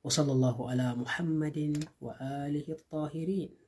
wa sallallahu ala muhammadin wa alihi tahirin